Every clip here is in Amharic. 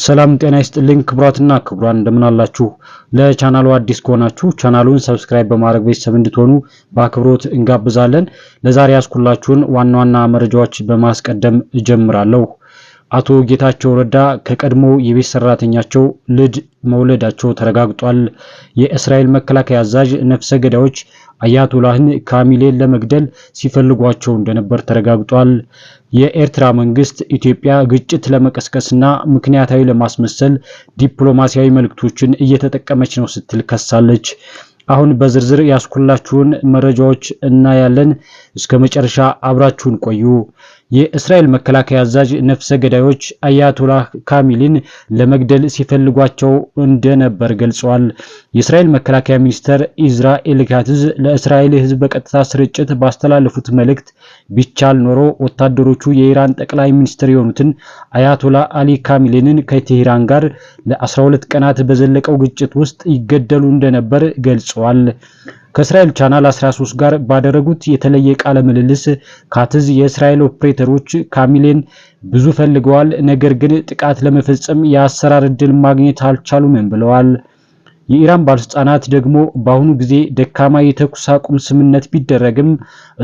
ሰላም ጤና ይስጥልኝ ክቡራትና ክቡራን እንደምን አላችሁ? ለቻናሉ አዲስ ከሆናችሁ ቻናሉን ሰብስክራይብ በማድረግ ቤተሰብ እንድትሆኑ በአክብሮት እንጋብዛለን። ለዛሬ ያስኩላችሁን ዋና ዋና መረጃዎች በማስቀደም እጀምራለሁ። አቶ ጌታቸው ረዳ ከቀድሞ የቤት ሰራተኛቸው ልጅ መውለዳቸው ተረጋግጧል። የእስራኤል መከላከያ አዛዥ ነፍሰ ገዳዮች አያቶላህን ካሚሌን ለመግደል ሲፈልጓቸው እንደነበር ተረጋግጧል። የኤርትራ መንግስት ኢትዮጵያ ግጭት ለመቀስቀስና ምክንያታዊ ለማስመሰል ዲፕሎማሲያዊ መልእክቶችን እየተጠቀመች ነው ስትል ከሳለች። አሁን በዝርዝር ያስኩላችሁን መረጃዎች እናያለን። እስከ መጨረሻ አብራችሁን ቆዩ። የእስራኤል መከላከያ አዛዥ ነፍሰ ገዳዮች አያቶላህ ካሚሊን ለመግደል ሲፈልጓቸው እንደነበር ገልጸዋል። የእስራኤል መከላከያ ሚኒስተር ኢዝራ ኤልካትዝ ለእስራኤል ሕዝብ በቀጥታ ስርጭት ባስተላለፉት መልእክት ቢቻል ኖሮ ወታደሮቹ የኢራን ጠቅላይ ሚኒስትር የሆኑትን አያቶላ አሊ ካሚሊንን ከቴሄራን ጋር ለ12 ቀናት በዘለቀው ግጭት ውስጥ ይገደሉ እንደነበር ገልጸዋል። ከእስራኤል ቻናል 13 ጋር ባደረጉት የተለየ ቃለ ምልልስ ካትዝ የእስራኤል ኦፕሬተሮች ካሚሌን ብዙ ፈልገዋል፣ ነገር ግን ጥቃት ለመፈጸም የአሰራር እድል ማግኘት አልቻሉም ብለዋል። የኢራን ባለስልጣናት ደግሞ በአሁኑ ጊዜ ደካማ የተኩስ አቁም ስምነት ቢደረግም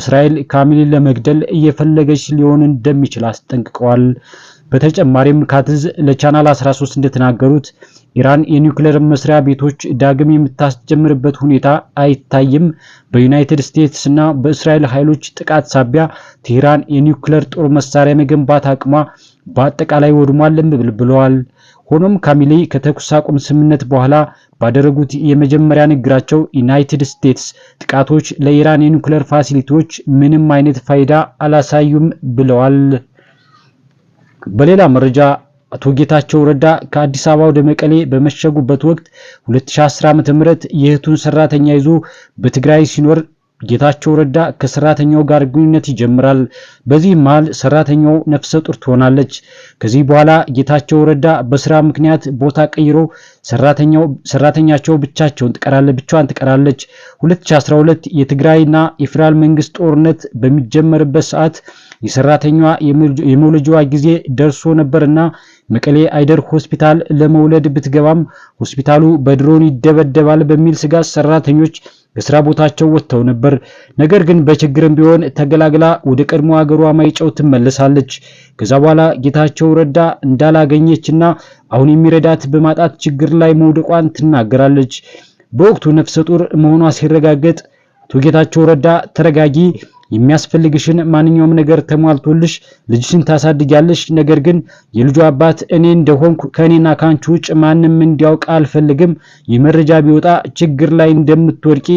እስራኤል ካሚሌን ለመግደል እየፈለገች ሊሆን እንደሚችል አስጠንቅቀዋል። በተጨማሪም ካትዝ ለቻናል 13 እንደተናገሩት ኢራን የኒውክሌር መስሪያ ቤቶች ዳግም የምታስጀምርበት ሁኔታ አይታይም። በዩናይትድ ስቴትስ እና በእስራኤል ኃይሎች ጥቃት ሳቢያ ቴህራን የኒውክሌር ጦር መሳሪያ መገንባት አቅሟ በአጠቃላይ ወድሟልም ብለዋል። ሆኖም ካሚሌ ከተኩስ አቁም ስምምነት በኋላ ባደረጉት የመጀመሪያ ንግግራቸው ዩናይትድ ስቴትስ ጥቃቶች ለኢራን የኒውክሌር ፋሲሊቲዎች ምንም አይነት ፋይዳ አላሳዩም ብለዋል። በሌላ መረጃ አቶ ጌታቸው ረዳ ከአዲስ አበባ ወደ መቀሌ በመሸጉበት ወቅት 2010 ዓ.ም የእህቱን ሰራተኛ ይዞ በትግራይ ሲኖር ጌታቸው ረዳ ከሰራተኛው ጋር ግንኙነት ይጀምራል። በዚህ መሃል ሰራተኛው ነፍሰ ጡር ትሆናለች። ከዚህ በኋላ ጌታቸው ረዳ በስራ ምክንያት ቦታ ቀይሮ ሰራተኛቸው ብቻቸውን ትቀራለች ብቻዋን ትቀራለች። 2012 የትግራይና የፌዴራል መንግስት ጦርነት በሚጀመርበት ሰዓት የሰራተኛዋ የመውለጃዋ ጊዜ ደርሶ ነበርና መቀሌ አይደር ሆስፒታል ለመውለድ ብትገባም ሆስፒታሉ በድሮን ይደበደባል በሚል ስጋት ሰራተኞች ከስራ ቦታቸው ወጥተው ነበር። ነገር ግን በችግርም ቢሆን ተገላግላ ወደ ቀድሞ ሀገሯ ማይጨው ትመለሳለች። ከዛ በኋላ ጌታቸው ረዳ እንዳላገኘችና አሁን የሚረዳት በማጣት ችግር ላይ መውደቋን ትናገራለች። በወቅቱ ነፍሰ ጡር መሆኗ ሲረጋገጥ አቶ ጌታቸው ረዳ ተረጋጊ የሚያስፈልግሽን ማንኛውም ነገር ተሟልቶልሽ ልጅሽን ታሳድጊያለሽ። ነገር ግን የልጁ አባት እኔ እንደሆንኩ ከእኔና ከአንቺ ውጭ ማንም እንዲያውቅ አልፈልግም። ይህ መረጃ ቢወጣ ችግር ላይ እንደምትወድቂ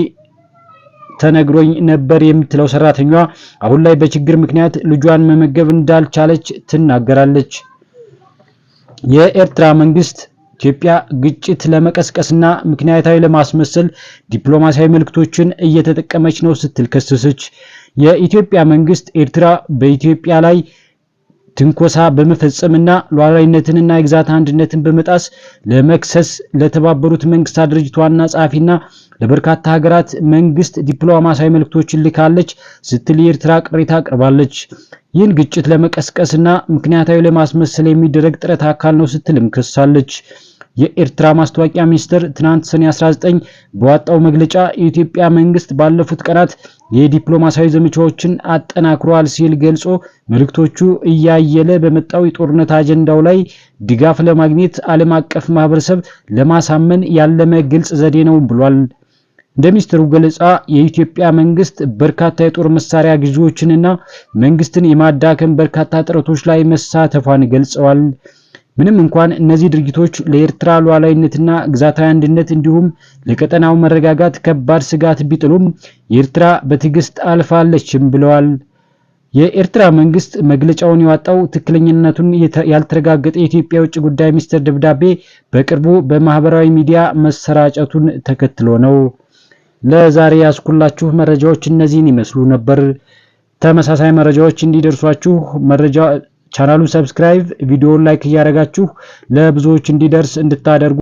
ተነግሮኝ ነበር የምትለው ሰራተኛዋ አሁን ላይ በችግር ምክንያት ልጇን መመገብ እንዳልቻለች ትናገራለች። የኤርትራ መንግስት ኢትዮጵያ ግጭት ለመቀስቀስና ምክንያታዊ ለማስመሰል ዲፕሎማሲያዊ መልክቶችን እየተጠቀመች ነው ስትል ከሰሰች። የኢትዮጵያ መንግስት ኤርትራ በኢትዮጵያ ላይ ትንኮሳ በመፈጸምና ሉዓላዊነትንና የግዛት አንድነትን በመጣስ ለመክሰስ ለተባበሩት መንግስታት ድርጅት ዋና ጸሐፊና ለበርካታ ሀገራት መንግስት ዲፕሎማሲያዊ መልእክቶችን ልካለች ስትል የኤርትራ ቅሬታ አቅርባለች። ይህን ግጭት ለመቀስቀስና ምክንያታዊ ለማስመሰል የሚደረግ ጥረት አካል ነው ስትልም ከሳለች። የኤርትራ ማስታወቂያ ሚኒስቴር ትናንት ሰኔ 19 በዋጣው መግለጫ የኢትዮጵያ መንግስት ባለፉት ቀናት የዲፕሎማሲያዊ ዘመቻዎችን አጠናክሯል ሲል ገልጾ መልእክቶቹ እያየለ በመጣው የጦርነት አጀንዳው ላይ ድጋፍ ለማግኘት ዓለም አቀፍ ማህበረሰብ ለማሳመን ያለመ ግልጽ ዘዴ ነው ብሏል። እንደ ሚኒስትሩ ገለጻ የኢትዮጵያ መንግስት በርካታ የጦር መሳሪያ ግዢዎችንና መንግስትን የማዳከም በርካታ ጥረቶች ላይ መሳተፏን ገልጸዋል። ምንም እንኳን እነዚህ ድርጊቶች ለኤርትራ ሉዓላዊነትና ግዛታዊ አንድነት እንዲሁም ለቀጠናው መረጋጋት ከባድ ስጋት ቢጥሉም ኤርትራ በትዕግስት አልፋለችም ብለዋል። የኤርትራ መንግስት መግለጫውን ያወጣው ትክክለኝነቱን ያልተረጋገጠ የኢትዮጵያ ውጭ ጉዳይ ሚኒስቴር ደብዳቤ በቅርቡ በማህበራዊ ሚዲያ መሰራጨቱን ተከትሎ ነው። ለዛሬ ያስኩላችሁ መረጃዎች እነዚህን ይመስሉ ነበር። ተመሳሳይ መረጃዎች እንዲደርሷችሁ መረጃ ቻናሉን ሰብስክራይብ፣ ቪዲዮውን ላይክ እያደረጋችሁ ለብዙዎች እንዲደርስ እንድታደርጉ